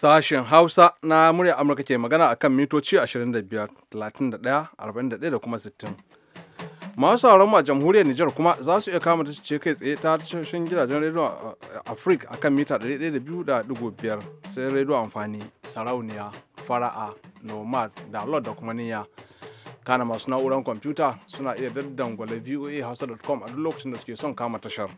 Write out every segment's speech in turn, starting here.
Sashen Hausa na murya Amurka ke magana a kan mitoci 25, 31, 41 da kuma 60. Masu sauran a jamhuriyar Nijar kuma za su iya kama ce kai tsaye ta tashoshin gidajen rediyo Afrik a kan mita 102.5 sai rediyo amfani, sarauniya, fara'a, nomad, download da kuma niyya. Kana masu na'urar kwamfuta suna iya daddangwale hausa.com a duk lokacin da suke son kama tashar.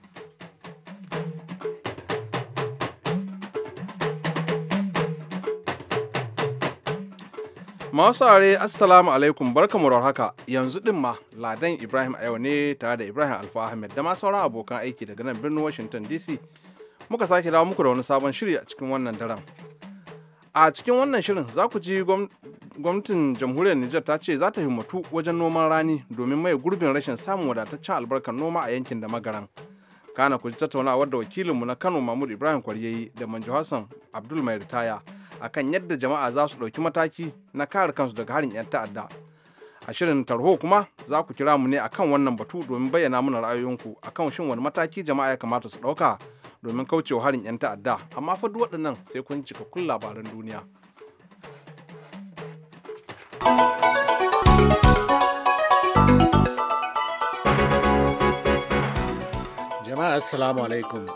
Masu are assalamu alaikum barkamu da haka yanzu din ma Ladan Ibrahim a yau ne tare da Ibrahim Alfa Ahmed da ma sauran abokan aiki daga nan birnin Washington DC muka sake dawo muku da wani sabon shiri a cikin wannan daren. A cikin wannan shirin za ku ji gwamnatin jamhuriyar Nijar ta ce za ta himmatu wajen noman rani domin mai gurbin rashin samun wadataccen albarkar noma a yankin da magaran. kana ku ji tattaunawar da wakilinmu na kano mahmud ibrahim kwaryayi da manjo hassan abdul mai ritaya akan yadda jama'a za su ɗauki mataki na kare kansu daga harin 'yan ta'adda a shirin tarho kuma za ku kira mu ne akan wannan batu domin bayyana mana ra'ayoyinku akan shin wani mataki jama'a ya kamata su ɗauka domin kaucewa harin 'yan ta'adda amma fa duk waɗannan sai kun cikakkun labaran duniya. jama'a assalamu alaikum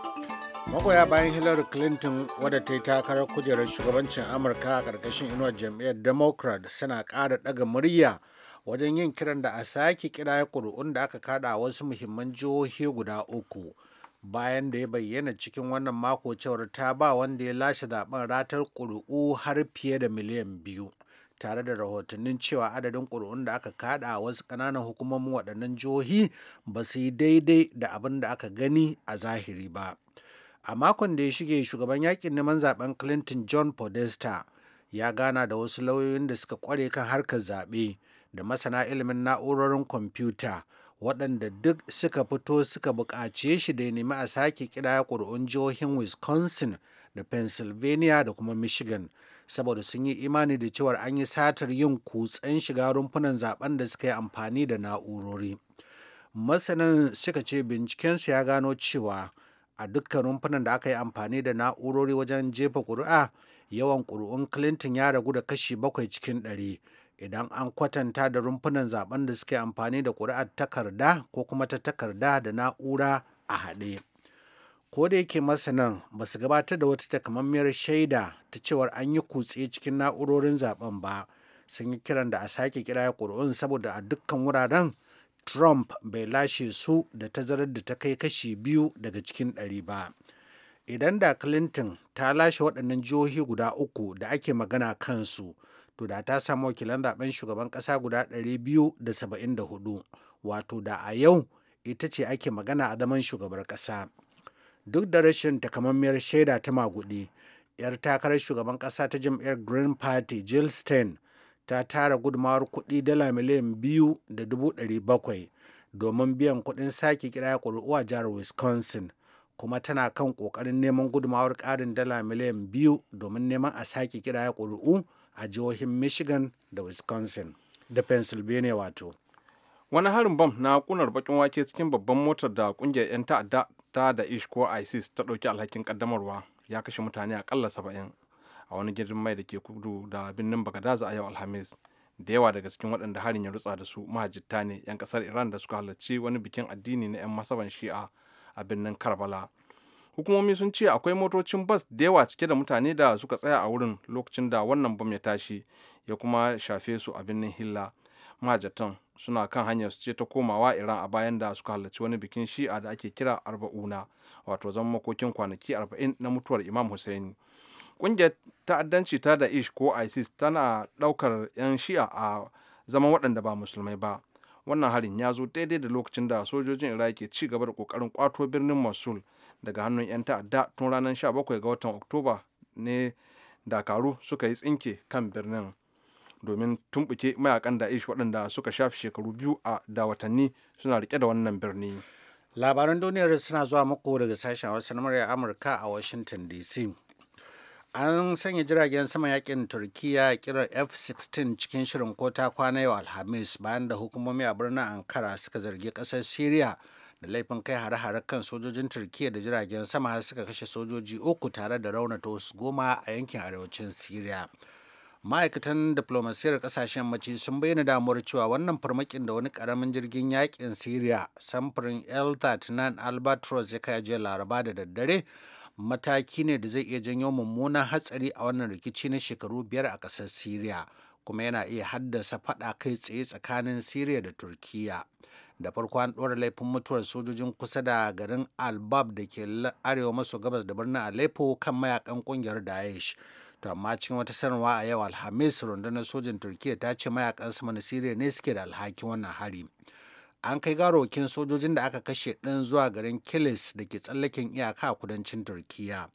magoya bayan hillary clinton wadda ta yi takarar kujerar shugabancin amurka a ƙarƙashin inuwar jam'iyyar democrat suna ƙara ɗaga murya wajen yin kiran da a sake kira ƙuri'un da aka kada a wasu muhimman jihohi guda uku bayan da ya bayyana cikin wannan mako cewar ta ba wanda ya lashe zaben ratar ƙuri'u har fiye da miliyan biyu tare da rahotannin cewa adadin ƙuri'un da aka kada a wasu ƙananan hukumomin waɗannan jihohi ba su yi daidai da abin da aka gani a zahiri ba a makon da ya shige shugaban yakin neman zaben clinton john podesta ya gana da wasu lauyoyin da suka kware kan harkar zaɓe da masana ilimin na'urorin kwamfuta waɗanda duk suka fito suka buƙace shi da ya nemi a sake ƙidaya ƙuri'un jihohin wisconsin da pennsylvania da kuma michigan saboda sun yi imani da cewar an yi satar yin kutsen shiga rumfunan zaben da suka yi amfani da na'urori masanin suka ce bincikensu ya gano cewa a dukkan rumfunan da aka yi amfani da na'urori wajen jefa ƙuri'a yawan ƙuri'un clinton ya ragu da kashi bakwai cikin ɗari idan an kwatanta da rumfunan zaben da suka suke amfani da ƙuri'ar takarda ko kuma ta takarda da na'ura a haɗe ko da yake masanan ba su gabatar da wata takamammiyar shaida ta cewar an yi kutse cikin na'urorin zaben ba sun yi kiran da a sake kira ƙuri'un saboda a dukkan wuraren trump bai lashe su da tazarar da ta kai kashi biyu daga cikin ɗari ba idan da clinton ta lashe waɗannan jihohi guda uku da ake magana kansu to da ta samu wakilan zaben shugaban ƙasa guda biyu da da saba'in hudu wato da a yau ita ce ake magana a zaman shugabar ƙasa duk da rashin takamammiyar shaida ta magudi 'yar takarar shugaban ƙasa ta jam'iyyar green party jill stein ta tara gudumawar kuɗi dala miliyan biyu da dubu ɗari bakwai domin biyan kuɗin sake kira ya a jihar wisconsin kuma tana kan kokarin neman gudumawar karin dala miliyan biyu domin neman a sake kira kuri'u a jihohin michigan da wisconsin da pennsylvania wato wani harin bam na kunar bakin wake cikin babban motar da kungiyar 'yan ta'adda ta da ish ko isis ta ɗauki alhakin ƙaddamarwa ya kashe mutane akalla saba'in a wani gidan mai da ke kudu da birnin bagadaza a yau alhamis da yawa daga cikin waɗanda harin ya rutsa da su mahajjitta ne 'yan ƙasar iran da suka halarci wani bikin addini na 'yan masaban shi'a a birnin karbala hukumomi sun ce akwai motocin bas da yawa cike da mutane da suka tsaya a wurin lokacin da wannan bam ya tashi ya kuma shafe su a birnin hilla mahajjatan suna kan hanyar su ce ta komawa iran a bayan da suka halarci wani bikin shi'a da ake kira arba'una wato zama makokin kwanaki arba'in na mutuwar imam hussein ƙungiyar ta'addanci ta da ish ko isis tana daukar 'yan shi'a a zaman waɗanda ba musulmai ba wannan harin ya zo daidai da lokacin da sojojin iraki ci gaba da kokarin kwato birnin mosul daga hannun 'yan ta'adda tun ranar 17 ga watan oktoba ne dakaru suka yi tsinke kan birnin domin tumbuke mayakan da'ish waɗanda suka shafi shekaru biyu a dawatanni suna rike da wannan birni labaran duniyar suna zuwa muku daga sashen wasu na amurka a washington dc an sanya jiragen saman yakin turkiya kiran f-16 cikin shirin kota kwana yau alhamis bayan da hukumomi a birnin ankara suka zargi kasar syria da laifin kai hare-hare kan sojojin turkiya da jiragen sama har suka kashe sojoji uku tare da raunata wasu goma a yankin arewacin syria ma'aikatan diplomasiyar kasashen mace sun bayyana damuwar cewa wannan farmakin da wani karamin jirgin yakin syria samfurin l-39 albatross ya kai jiya laraba da daddare mataki ne da zai iya janyo mummunan hatsari a wannan rikici na shekaru biyar a ƙasar syria kuma yana iya haddasa faɗa kai tsaye tsakanin syria da turkiya da farko an ɗora laifin mutuwar sojojin kusa da garin albab da ke arewa maso gabas da birnin aleppo kan mayakan ƙungiyar daesh to amma cikin wata sanarwa a yau alhamis rundunar sojin turkiya ta ce mayakan sama na siriya ne suke da alhakin wannan hari an kai garokin sojojin da aka kashe ɗin zuwa garin kilis da ke tsallaken iyaka a kudancin turkiya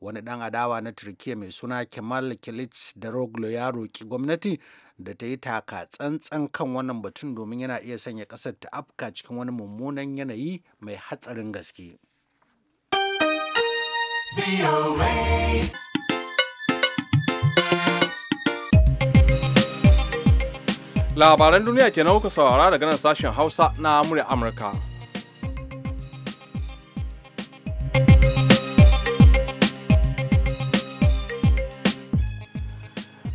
wani ɗan adawa na turkiya mai suna kemal kilic da roglo ya roki gwamnati da ta yi taka tsantsan kan wannan batun domin yana iya sanya ƙasar ta afka cikin wani mummunan yanayi mai hatsarin gaske. labaran duniya ke kuka saurara daga nan sashen hausa na murya amurka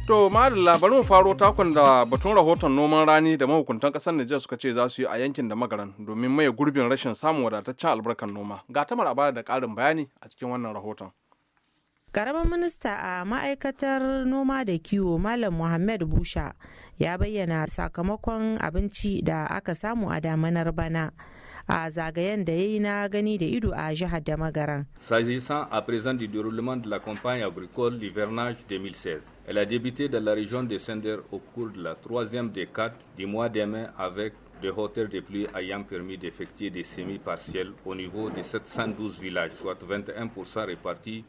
To madalla labarin mu faro takon da batun rahoton noman rani da mahukuntan kasar Nijar suka ce za su yi a yankin da magaran domin maye gurbin rashin samun wadataccen albarkar noma. Ga tamar a da ƙarin bayani a cikin wannan rahoton. Karamin minista a ma'aikatar noma da kiwo Malam Muhammad Busha ya bayyana sakamakon abinci da aka samu a damanar bana a zagayen da ya yi na gani da ido a jihar da magaran. S'agissant à présent du déroulement de la campagne agricole l'hivernage 2016, elle a débuté dans la région de Sender au cours de la troisième décade du mois de mai avec des hauteurs de pluie ayant permis d'effectuer des semis partiels au niveau de 712 villages, soit 21% répartis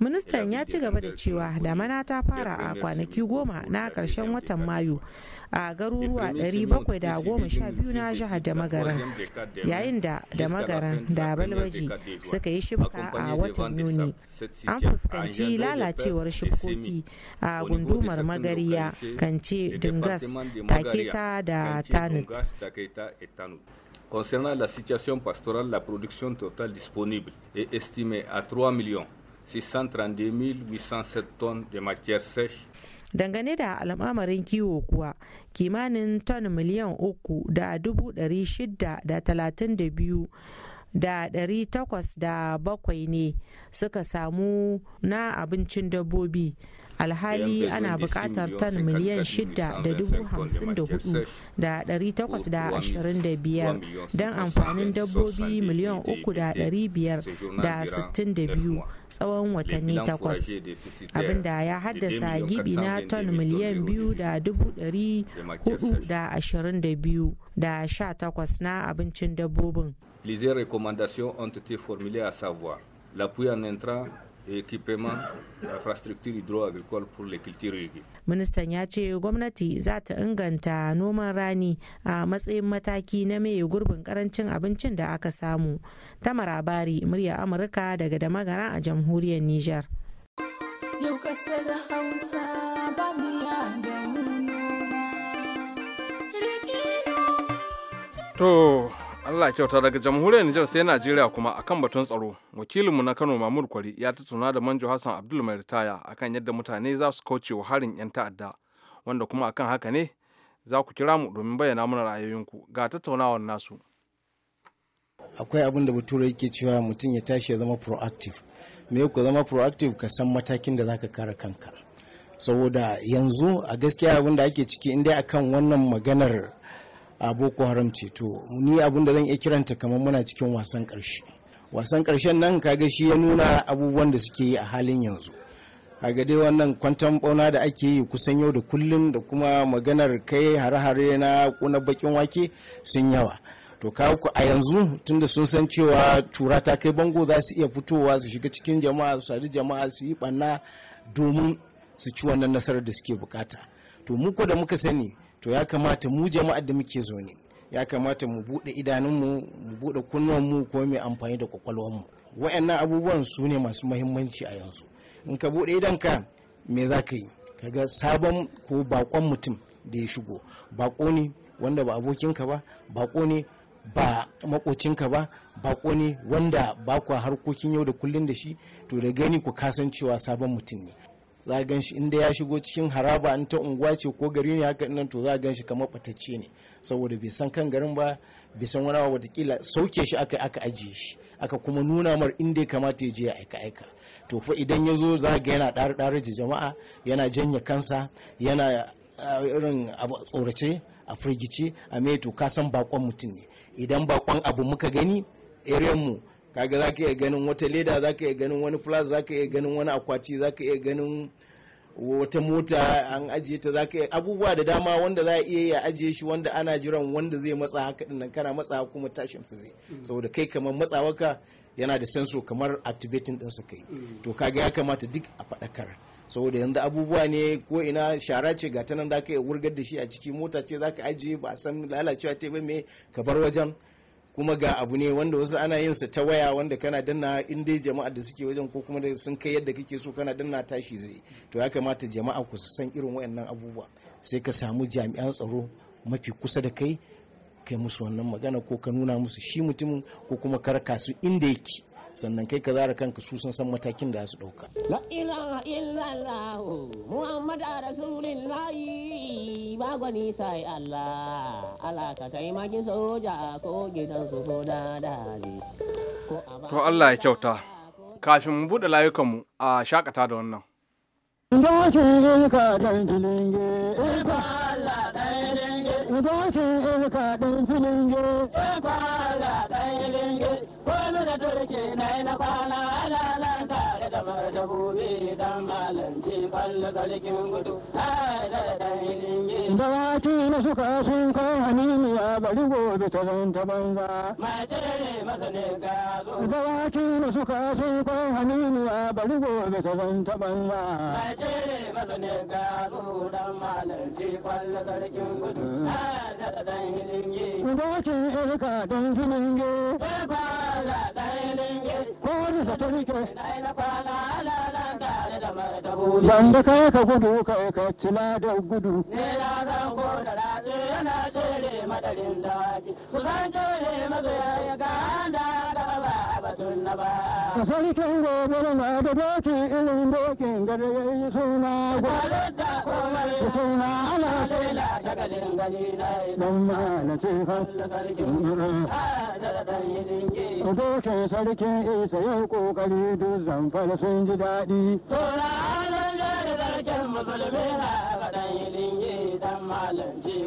Ministan ya ci gaba da cewa damana ta fara a kwanaki goma na ƙarshen watan Mayu a garuruwa 712 na jihar da magaran yayin da da magaran da balbaji suka yi shifka a watan Yuni. An fuskanci lalacewar shifkoki a gundumar magariya kance Dungas taketa da Tanit. Concernant la situation pastorale, la production totale disponible est estimée à 3 millions 632 tonnes de matière sèche dangane da al'amarin kiwo kuwa kimanin ton miliyan uku da dubu dari shida da talatin da biyu da dari takwas da bakwai ne suka samu na abincin dabbobi alhali ana buƙatar tan miliyan shida da dubu hamsin da hudu da ɗari takwas da ashirin da biyar don amfanin dabbobi miliyan uku da ɗari biyar da sittin da biyu tsawon watanni takwas abinda ya haddasa gibi na ton miliyan biyu da dubu ɗari hudu da ashirin da biyu da sha takwas na abincin dabbobin. Les recommandations ont été formulées à savoir l'appui en entrant equipement infrastructure hydro agricole pour les cultures ministan ya ce gwamnati za ta inganta noman rani a matsayin mataki na mai gurbin karancin abincin da aka samu ta marabari murya amurka daga da magana a jamhuriyar niger yau kasar hausa ba mu To Allah kyauta daga jamhuriyar Nijar sai Najeriya kuma akan batun tsaro. Wakilinmu na Kano Mahmud Kwari ya tattauna da Manjo Hassan Abdul mai ritaya akan yadda mutane za su kauce wa harin 'yan ta'adda wanda kuma akan haka ne za ku kira mu domin bayyana mana ra'ayoyinku ga tattaunawar nasu. Akwai abin da Bature yake cewa mutum ya tashi ya zama proactive. Me ku zama proactive ka san matakin da zaka kare kanka. Saboda yanzu a gaskiya abin da ake ciki inda dai akan wannan maganar a boko haram ce to ni abinda zan iya kiranta kamar muna cikin wasan karshe wasan karshen nan kaga shi ya nuna abubuwan da suke yi a halin yanzu a dai wannan kwantan bauna da ake yi kusan yau da kullun da kuma maganar kai har hare na kuna bakin wake sun yawa to kawo a yanzu tunda sun san cewa tura ta kai bango za su iya fitowa su shiga cikin jama'a su sadu jama'a su yi banna domin su ci wannan nasarar da suke bukata to muku da muka sani to ya kamata mu jama'ar da muke zo ya kamata mu bude idanunmu mu bude kunnuwanmu ko mai amfani da kwakwalwanmu wayannan abubuwan su ne masu mahimmanci a yanzu in ka bude idanka me za ka yi kaga sabon ko bakon mutum da ya shigo bako ne wanda ba abokinka ba bako ne ba makocinka ba bako ne wanda ba harkokin yau da kullun da shi to da gani ku kasancewa sabon mutum ne za a ganshi inda ya shigo cikin haraba an ta unguwa ce ko gari ne haka nan to za a shi kamar batacce ne saboda bai san kan garin ba bai san wani watakila sauke shi aka aka ajiye shi aka kuma nuna mar inda ya kamata ya je ya aika aika to fa idan ya zo za ga yana ɗare ɗare da jama'a yana janye kansa yana irin tsorace a firgice a mai to ka san bakon mutum ne idan bakon abu muka gani mu kaga za ka iya ganin wata leda za ka iya ganin wani plus za ka iya ganin wani akwati za ka iya ganin wata mota an ajiye ta za ka iya abubuwa da dama wanda za a iya ya ajiye shi wanda ana jiran wanda zai matsa haka dinnan kana matsa kuma tashin sa zai mm. saboda kai kamar matsawaka yana da senso kamar activating din su kai mm. to kaga ya kamata duk a faɗakar saboda yanzu abubuwa ne ko ina shara ce ga ta nan za ka iya wurgar da shi a ciki mota ce za ka ajiye ba a san lalacewa ta ba me ka bar wajen kuma ga abu ne wanda wasu ana yin sa ta waya wanda kana danna in dai jama'a da suke wajen ko kuma sun kai yadda kake so kana danna tashi zai to ya kamata jama'a ku san irin wayannan abubuwa sai ka samu jami'an tsaro mafi kusa da kai kai musu wannan magana ko ka nuna musu shi mutumin ko kuma karka su inda yake sannan kai ka zara kanka su sun san matakin da su ɗauka. La ilaha illallah Muhammad Rasulullah ba gwani sai Allah ala ka taimaki soja ko gidan su ko dadali. To Allah ya kyauta. Kafin mu buɗe layukanmu a shakata da wannan. Dokin ilka ɗan filin filinge, ilka Allah ɗan filinge. Dokin ilka ɗan filin filinge, ilka Allah ɗan filinge. Kwanu da turke na yi na kwana alalar tare da marta gobe dan malanci kwallo sarkin gudu a da dainin yi. Dawaki na suka sun kan hanini a bari gobe ta zan ta banza. Mace ne masa ne ga zo. Dawaki na suka sun kan hanini a bari gobe ta zan ta banza. Mace ne masa ne ga dan malanci kwallo sarkin gudu a da dainin yi. Dawaki ya suka don filin yi. ko wani sa ta rike ban da ka gudu kai ka cila da gudu ne da ce yana tere madarin dawaki ku san tere magoya ya ganda gaba a batun na ba. Ka sarkin gobe na da doki ilin dokin gari ya yi suna gwale da komai ya suna ana lela shagalin gani na yi. Don ma na ce fa. Dokin sarkin isa yau kokari duk zamfara sun ji daɗi. Tora ana da sarkin musulmi na faɗan yi dan malam ce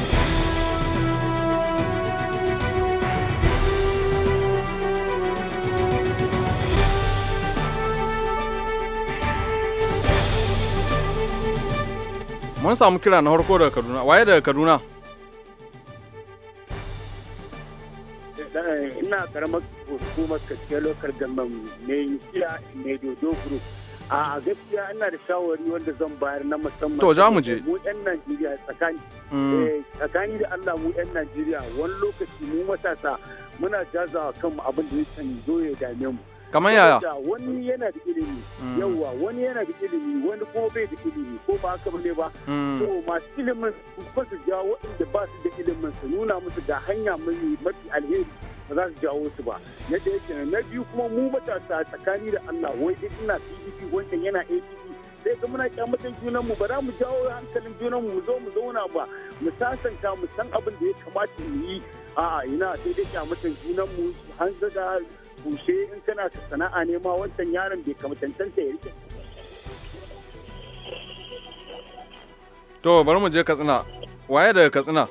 mun samu kira na harko daga kaduna waye daga kaduna ina karamar hukumar kaskiyar lokar gamban mai siya mai dodo group a gaskiya ina da shawari wanda zan bayar na musamman to za mu je mu yan najeriya tsakani mm. eh, tsakani da allah mu yan najeriya wani lokaci mu matasa muna jazawa kanmu abin da ya zo ya dame mu kamar yaya wani yana da ilimi mm. yawa wani yana da ilimi wani ko bai da ilimi ko ba haka bane ba mm. to masu ilimin ba su jawo waɗanda ba su da ilimin su nuna musu da hanya mai mafi alheri ba za su jawo su ba na da yake na biyu kuma mu matasa tsakani da Allah wai duk ina PDP wanda yana APC sai ga muna kyamatan junan mu ba za mu jawo hankalin junan mu zo mu zauna ba mu sasanta mu san abin da ya kamata mu yi a'a ina sai dai kyamatan junan mu hanzar bushe in kana sana'a ne ma wancan yaron bai kama cancanta ya rike to bari mu je katsina waye daga katsina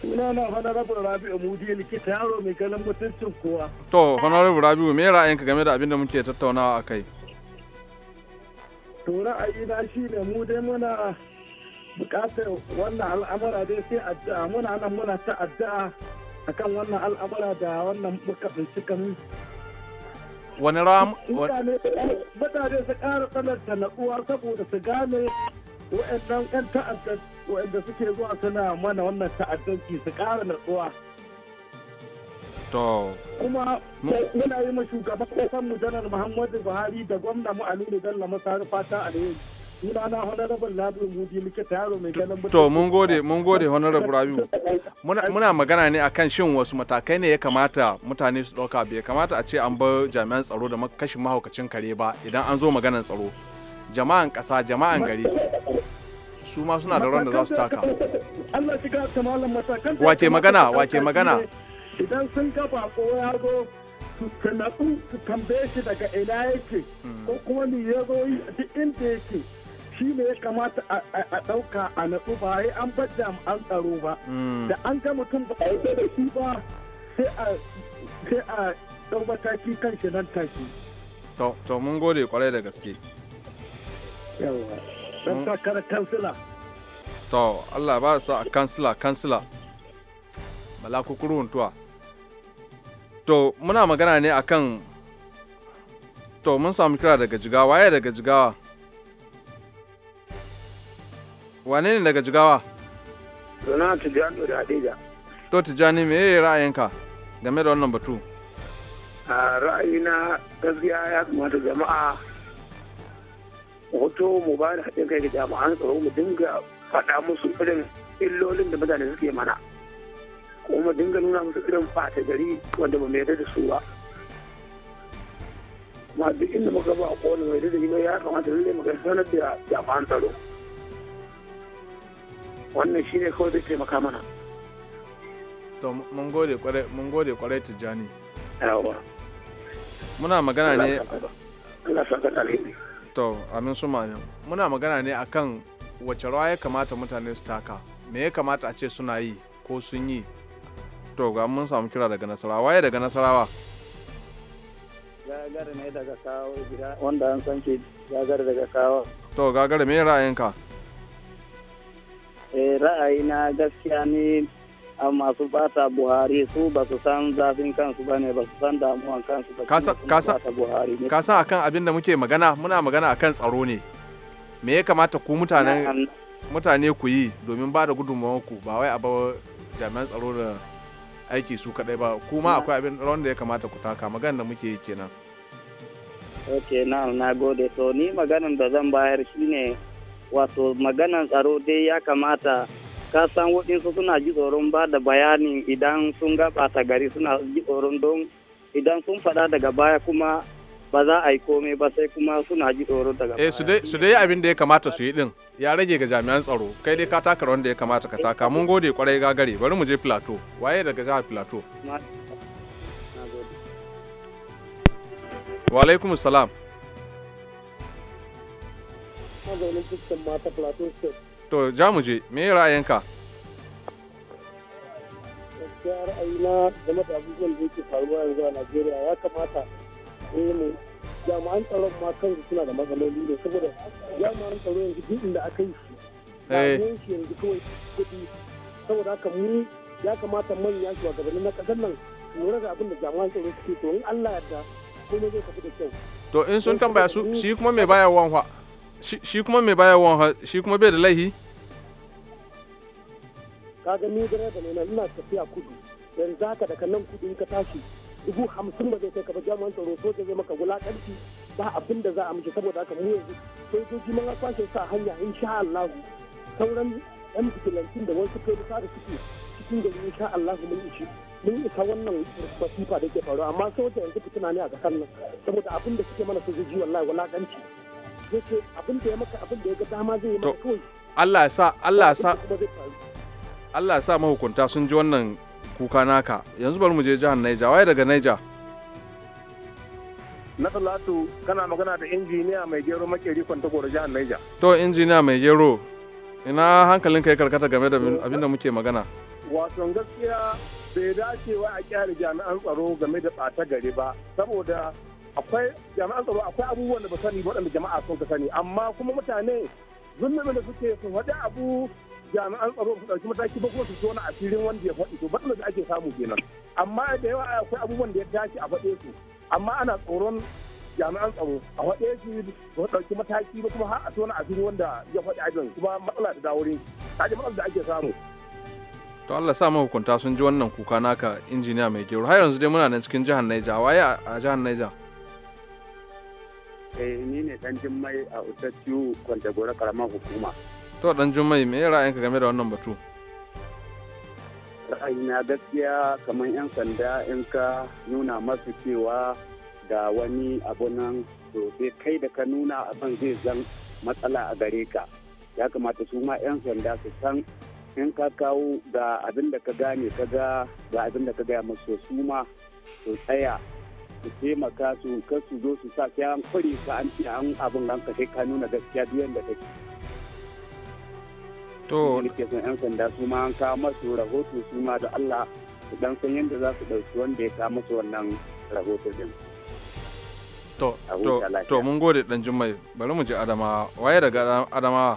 Suna na Honorable Rabi'u Mudi likita yaro mai ganin mutuncin kowa. To, Honorable Rabi'u, me ra'ayinka game da abin da muke tattaunawa a kai? To, ra'ayina shi ne mu dai muna bukatar wannan al'amura dai sai addu'a muna nan muna ta addu'a a kan wannan al'amura da wannan bukatun wani ram mutane su ƙara tsananta natsuwa saboda su gane wa'annan 'yan ta'addar wa'anda suke zuwa suna mana wannan ta'addanci su kara natsuwa kuma muna yi ma shugaban ƙasar mu janar muhammadu buhari da gwamna mu aliyu masarufa ta alheri sunana honorable rabiu mudi likita yaro mai ganin to mun gode mun gode honorable rabiu muna magana ne akan shin wasu matakai ne ya kamata mutane su dauka bai kamata a ce an bar jami'an tsaro da kashin mahaukacin kare ba idan an zo maganan tsaro jama'an kasa jama'an gari su ma suna da ran da za su taka Allah shiga ta malam matakan wace magana wace magana idan sun ga bako ya zo su natsu su tambaye shi daga ina yake hmm. ko kuma ni ya zo duk inda yake shi ne ya kamata a ɗauka a natsu ba ya an bar jami'an tsaro ba mm. da an ga mutum ba a yi da shi ba sai a ɗau mataki kan shi nan take to mun gode kwarai da gaske yawa don mm. takarar kansila to allah ba sa a kansila kansila bala kukuruntuwa to muna magana ne akan to mun samu kira daga jigawa ya daga jigawa wane ne daga jigawa suna tijjani da adija to tijjani me yi ra'ayinka game da wannan batu a ra'ayina gaskiya ya kamata jama'a hoto mu ba da haɗin kai ga jami'an tsaro mu dinga faɗa musu irin illolin da mutane suke mana kuma dinga nuna musu irin fata gari wanda ba mai da su ba ma duk inda muka ba a kowane mai da ya kamata lalle mu ga sanar da jami'an tsaro wannan shine kawai zai taimaka mana to mun gode kwarai mun gode kwarai tijjani yawa muna magana ne Allah saka alheri to amin su ma muna magana ne akan wace rawa ya kamata mutane su taka me ya kamata a ce suna yi ko sun yi to ga mun samu kira daga nasarawa waye daga nasarawa gagara ne daga kawo gida wanda an san ke gagara daga kawo to gagara me ra'ayinka Eh, ra'ayina gaskiya ne a masu bata buhari su ba su san zafin kansu ba ne ba su san damuwan kansu ba ka san akan abin da muke magana muna magana akan tsaro ne me ya kamata ku mutanen mutane ku yi domin ba da ku ba wai a ba jami'an tsaro da aiki su kadai ba kuma akwai abin rawan da ya kamata ku taka magana da muke yi kenan ok na gode to ni maganan da zan bayar shine wato maganan tsaro dai ya kamata ka san waɗansu suna ji tsoron ba da bayani idan sun ga gari suna ji tsoron don idan sun faɗa daga baya kuma ba za a yi komai ba sai kuma suna ji tsoron daga eh, baya. su dai abin da ya kamata su yi din ya rage ga jami'an tsaro kai dai ka taka wanda ya kamata ka taka mun gode kwarai gagare bari mu je plateau waye daga jihar plateau. wa alaikum salam. mazaunin fuskan mata plateau state to ja mu je me ra'ayinka gaskiya ra'ayina game da abubuwan da yake faruwa yanzu a najeriya ya kamata eh mu jami'an tsaron ma kansu suna da matsaloli ne saboda jami'an tsaro yanzu duk inda aka yi shi eh. rayuwar shi yanzu kawai kuɗi saboda haka mu ya kamata manyan shugabanni na ƙasar nan lura da abin da jami'an tsaro suke to in Allah yarda da komai zai tafi da kyau to in sun tambaya su shi kuma mai bayarwan fa shi kuma mai bayarwa shi kuma bai da laihi kaga ni direba ne ina tafiya kudu yanzu haka daga nan kudu in ka tashi dubu hamsin ba zai kai ka ba jami'an tsaro soja zai maka wulakanci ba abin da za a miki saboda haka mu yanzu sojoji mun kwashe su a hanya insha Allah sauran yan fikilantin da wasu kai da suke cikin gari insha Allah mun ishi mun isa wannan wasifa da ke faruwa amma soja yanzu fitina ne a kasar nan saboda abin da suke mana ji wallahi wulakanci yake abin da ya maka abin da ya ga dama zai yi maka kawai Allah ya sa Allah ya sa Allah ya sa mahukunta sun ji wannan kuka naka yanzu bari mu je jihar Niger waye daga Niger na salatu kana magana da injiniya mai gero makeri kwantagoro jihar Niger to injiniya mai gero ina hankalin ya karkata game da abin da muke magana wato gaskiya bai dacewa a kyara jami'an tsaro game da ɓata gari ba saboda akwai jami'an tsaro akwai abubuwan da ba sani waɗanda jama'a sun ka sani amma kuma mutane zunnumin da suke su faɗi abu jami'an tsaro su ɗauki mataki ba kuma su ci wani asirin wanda ya faɗi to batsalar da ake samu kenan amma da yawa akwai abubuwan da ya dace a faɗe su amma ana tsoron jami'an tsaro a faɗe su ba ɗauki mataki ba kuma har a tona asiri wanda ya faɗi ajin kuma matsala da dawo ta ji matsalar da ake samu. to Allah sa mahukunta sun ji wannan kuka naka injiniya mai gero har yanzu dai muna nan cikin jihar Niger waye a jihar Niger. eh ni ne dan jummai a utattiyu kwanta gora karamar hukuma to dan jummai me ra'ayinka game da wannan batu ra'ayina gaskiya kamar yan sanda in ka nuna masu cewa da wani abunan nan to sai kai da ka nuna abin zai zan matsala a gare ka ya kamata su ma 'yan sanda su san in ka kawo ga abin da ka gane ka ga ga abin da ka gaya masu su ma su tsaya su taimaka su kan su zo su sa sai an kware ka an ce an abin an kashe ka nuna gaskiya duk yanda kake to ke son yan sanda su ma an kawo masu rahoto su ma da Allah su dan san yadda za su dauki wanda ya kawo masu wannan rahoto din to to to mun gode dan jummai bari mu je adamawa waye daga adamawa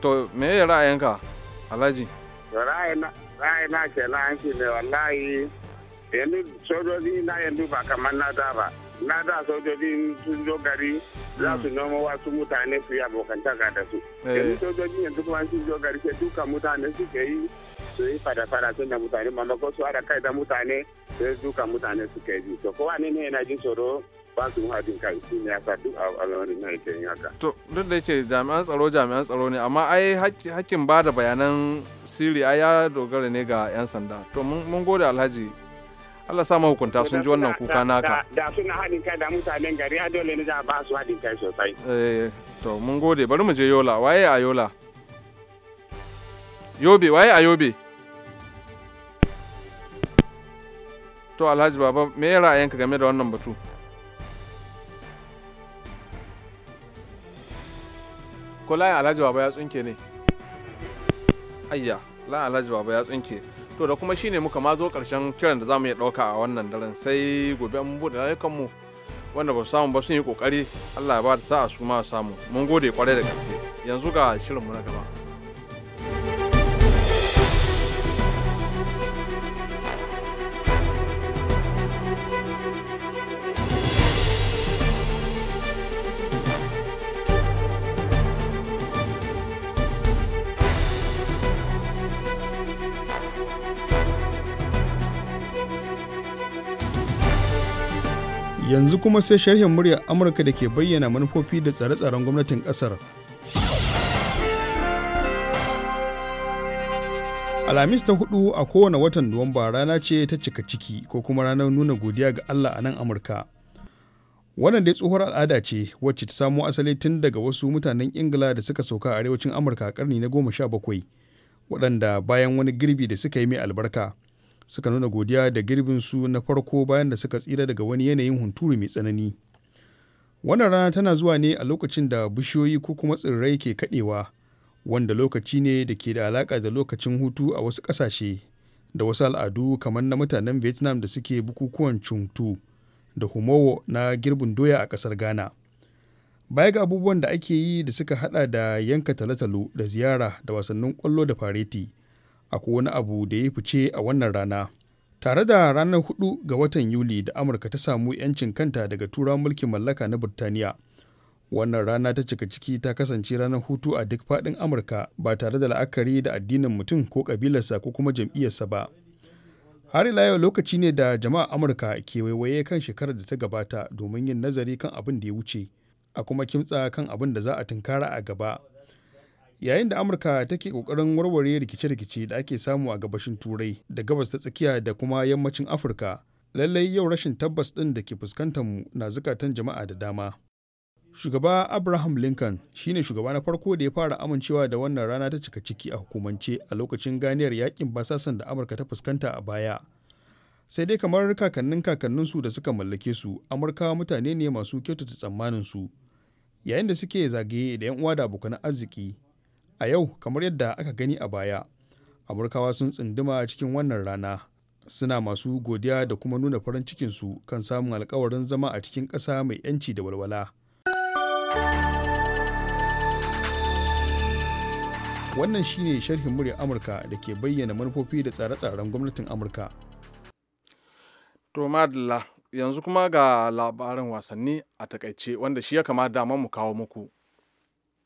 to me ra'ayinka alhaji ra'ayina kenan shi ne wallahi yanzu sojoji na yanzu ba kamar na da ba na da sojoji sun zo gari za su mm. noma wasu mutane su yi abokantaka da su eh. yanzu sojoji yanzu kuma sun zo gari sai dukan mutane suke yi su yi fada-fada tun da mutane mamakon su haɗa kai da mutane sai dukan mutane suke yi to kowa ne ne yana jin tsoro ba su haɗin kai shi ya yasa duk a al'amarin na yake yin haka. To duk da yake jami'an tsaro jami'an tsaro ne amma ai hakkin ba da bayanan sirri ai ya dogara ne ga 'yan sanda. To mun gode Alhaji Allah sa mahukunta sun ji wannan kuka naka. Da suna haɗin kai da mutanen gari a dole ne za a ba su haɗin kai sosai. Eh to mun gode bari mu je Yola waye a Yola. Yobe waye a Yobe. To Alhaji Baba me ra'ayinka game da wannan batu? ko layin alhaji baba ya tsinke ne ayya layin alhaji baba ya tsinke to da kuma shine muka ma zo karshen kiran da za mu iya dauka a wannan daren sai gobe an bude layukan mu wanda ba samu ba sun yi kokari Allah ya ba da sa'a su ma samu mun gode kwarai da gaske yanzu ga shirin mu na gaba yanzu kuma sai sharhin muryar amurka da ke bayyana manufofi da tsare-tsaren gwamnatin kasar alhamis ta hudu a kowane watan nuwamba rana ce ta cika ciki ko kuma ranar nuna godiya ga allah a nan amurka wannan dai tsohuwar al'ada ce wacce ta samo asali tun daga wasu mutanen ingila da suka sauka a arewacin amurka a karni na goma sha bakwai waɗanda bayan wani girbi da suka yi mai albarka suka nuna godiya da girbin su na farko bayan da suka tsira daga wani yanayin hunturu mai tsanani wannan rana tana zuwa ne a lokacin da bishiyoyi ko kuma tsirrai ke kadewa wanda lokaci ne da ke da alaka da lokacin hutu a wasu ƙasashe da wasu al'adu kamar na mutanen vietnam da suke bukukuwan cuntu da humowo na girbin doya a ƙasar ghana baya ga abubuwan da ake yi da suka hada da yanka talotalo da ziyara da wasannin kwallo da fareti akwai wani abu da ya fice a wannan rana tare da ranar 4 ga watan yuli da amurka ta samu 'yancin kanta daga tura mulkin mallaka na birtaniya wannan rana ta cika ciki ta kasance ranar hutu a duk faɗin amurka ba tare da la'akari da addinin mutum ko ƙabilarsa ko kuma jam'iyyarsa ba har ila yau lokaci ne da jama'a amurka ke waiwaye kan shekarar da ta gabata domin yin nazari kan abin da ya wuce a kuma kimtsa kan abin da za a tunkara a gaba yayin da amurka take kokarin warware rikice-rikice da ake samu a gabashin turai da gabas ta tsakiya da kuma yammacin afirka lallai yau rashin tabbas ɗin da ke fuskantar mu na zukatan jama'a da dama shugaba abraham lincoln shine shugaba na farko da ya fara amincewa da wannan rana ta cika ciki a hukumance a lokacin ganiyar yakin basasan da amurka ta fuskanta a baya sai dai kamar kakannin kakanninsu da suka mallake su amurka mutane ne masu kyautata tsammanin su yayin da suke zagaye da yan uwa da abokan arziki a yau kamar yadda aka gani a baya amurkawa sun tsunduma cikin wannan rana suna masu godiya da kuma nuna farin cikinsu kan samun alkawarin zama a cikin ƙasa mai 'yanci da walwala wannan shine sharhin murya amurka da ke bayyana manufofi da tsare-tsaren gwamnatin amurka yanzu kuma ga labarin wasanni a takaice wanda shi ya kama damar mu kawo muku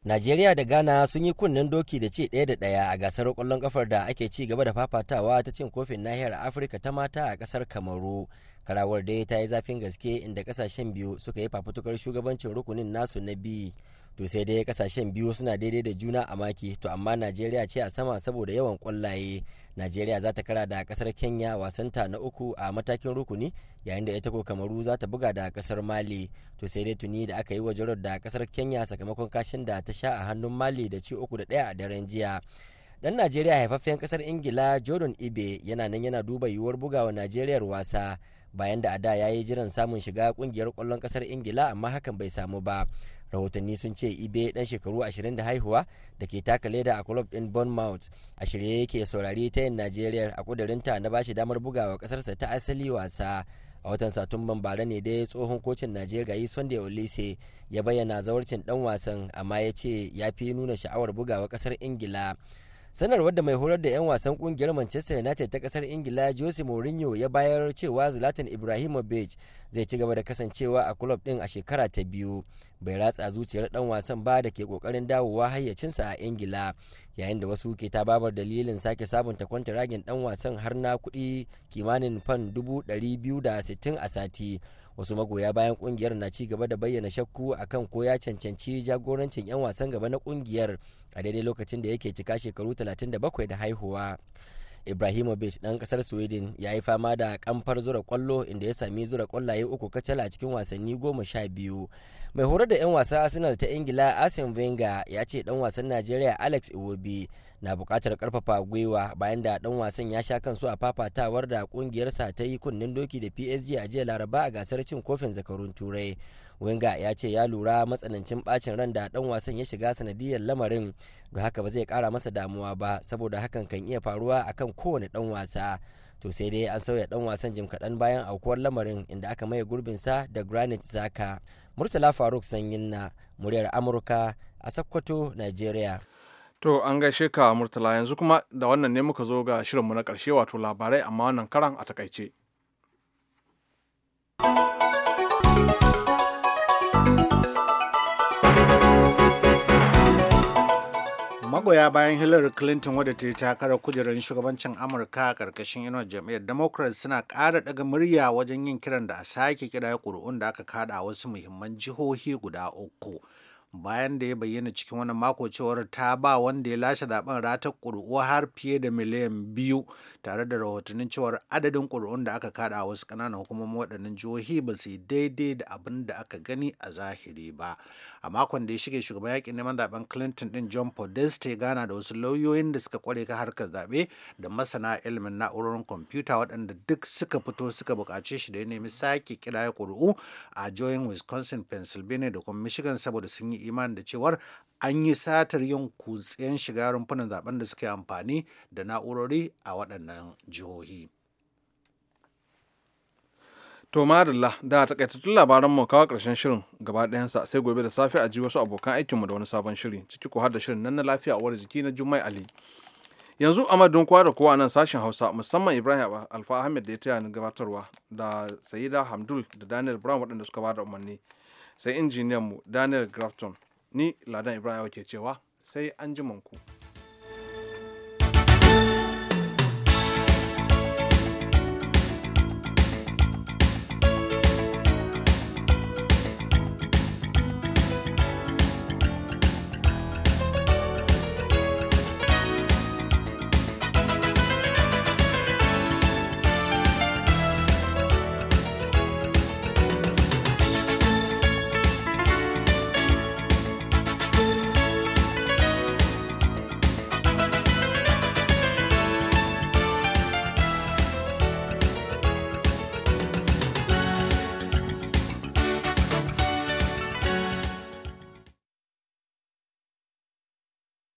Najeriya da Ghana sun yi kunnen doki da ce ɗaya da ɗaya a gasar ƙwallon ƙafar da ake ci gaba da fafatawa ta cin kofin nahiyar Afirka ta mata a ƙasar Kamaru. Karawar dai ta yi zafin gaske inda ƙasashen biyu suka yi fafutukar shugabancin rukunin nasu na biyu. to sai dai kasashen biyu suna daidai da juna a maki to amma najeriya ce a sama saboda yawan kwallaye najeriya za ta kara da kasar kenya wasanta na uku a matakin rukuni yayin da ita ko kamaru za ta buga da kasar mali to sai dai tuni da aka yi wa jarar da kasar kenya sakamakon kashin da ta sha a hannun mali da ci uku da ɗaya a daren jiya dan najeriya haifaffen kasar ingila jordan ibe yana nan yana duba yiwuwar bugawa najeriyar wasa bayan da a da ya yi jiran samun shiga kungiyar kwallon kasar ingila amma hakan bai samu ba rahotanni sun ce ibe dan shekaru 20 da haihuwa da ke taka leda a club din bournemouth a shirye yake saurari ta yin najeriya a kudurinta na bashi damar bugawa kasarsa ta asali wasa a watan satumban bara ne dai tsohon kocin najeriya yi sunday olise ya bayyana zawarcin dan wasan amma ya ce ya fi nuna sha'awar bugawa kasar ingila sanarwar da mai horar da 'yan wasan kungiyar manchester united ta kasar ingila jose mourinho ya bayar cewa zlatan ibrahimovic zai ci gaba da kasancewa a club din a shekara ta biyu bai ratsa zuciyar dan wasan ba da ke kokarin dawowa hayyacinsa a ingila yayin da wasu ke babar dalilin sake sabunta kwantaragin dan wasan har na kuɗi kimanin fan 260 a sati wasu magoya bayan kungiyar na ci gaba da bayyana shakku akan ko ya cancanci jagorancin 'yan wasan gaba na kungiyar a daidai lokacin da yake cika shekaru 37 da haihuwa ibrahimovic dan kasar sweden ya yi fama da kamfar zura kwallo inda ya sami zura kwallaye uku kacal a cikin wasanni goma sha biyu mai horar da 'yan wasa arsenal ta ingila asen wenger ya ce dan wasan najeriya alex iwobi na bukatar karfafa gwiwa bayan da dan wasan ya sha kansu a fafatawar da kungiyarsa ta yi kunnen doki da psg a jiya laraba a gasar cin kofin zakarun turai wenger ya ce ya lura matsanancin bacin ran da dan wasan ya shiga sanadiyar lamarin da haka ba zai kara masa damuwa ba saboda hakan kan iya faruwa akan kowane dan wasa to sai dai an sauya dan wasan jim kaɗan bayan aukuwar lamarin inda aka maye gurbinsa da granite zaka murtala faruk sanyin na muryar amurka a sakkwato nigeria to an gaishe ka murtala yanzu kuma da wannan ne muka zo ga shirinmu na karshe wato labarai amma wannan karan a takaice magoya bayan hillary clinton wadda ta yi takarar kujerar shugabancin amurka a karkashin inuwar jam'iyyar democrat suna ƙara daga murya wajen yin kiran da a sake kira ƙuri'un da aka kada a wasu muhimman jihohi guda uku bayan da ya bayyana cikin wani mako cewar ta ba wanda ya lashe zaben ratar ƙuri'u har fiye da miliyan biyu tare da rahotannin cewar adadin ƙuri'un da aka kada a wasu ƙananan hukumomin waɗannan jihohi ba su yi daidai da abin da aka gani a zahiri ba a makon da ya shige shugaban yakin neman zaben clinton din john podesta ya gana da wasu lauyoyin da suka kware ka harkar zaɓe da masana ilimin na'urorin kwamfuta waɗanda duk suka fito suka buƙace shi da ya nemi sake kira ya ƙuri'u a jihohin wisconsin pennsylvania da kuma michigan saboda sun yi imani da cewar an yi satar yin kutsiyan shiga rumfunan zaben da suka yi amfani da na'urori a waɗannan jihohi. To madalla da takaitattun labaran mu kawo karshen shirin gaba ɗayansa sai gobe da safe a ji wasu abokan aikinmu da wani sabon shiri ciki ko har da shirin nan na lafiya uwar jiki na Jummai Ali. Yanzu a madadin kowa da kowa nan sashen Hausa musamman Ibrahim Alfa Ahmed da ya taya ni gabatarwa da Saida Hamdul da Daniel Brown waɗanda suka bada umarni sai injiniyan mu Daniel Grafton ni Ladan Ibrahim ke cewa sai an ji ku.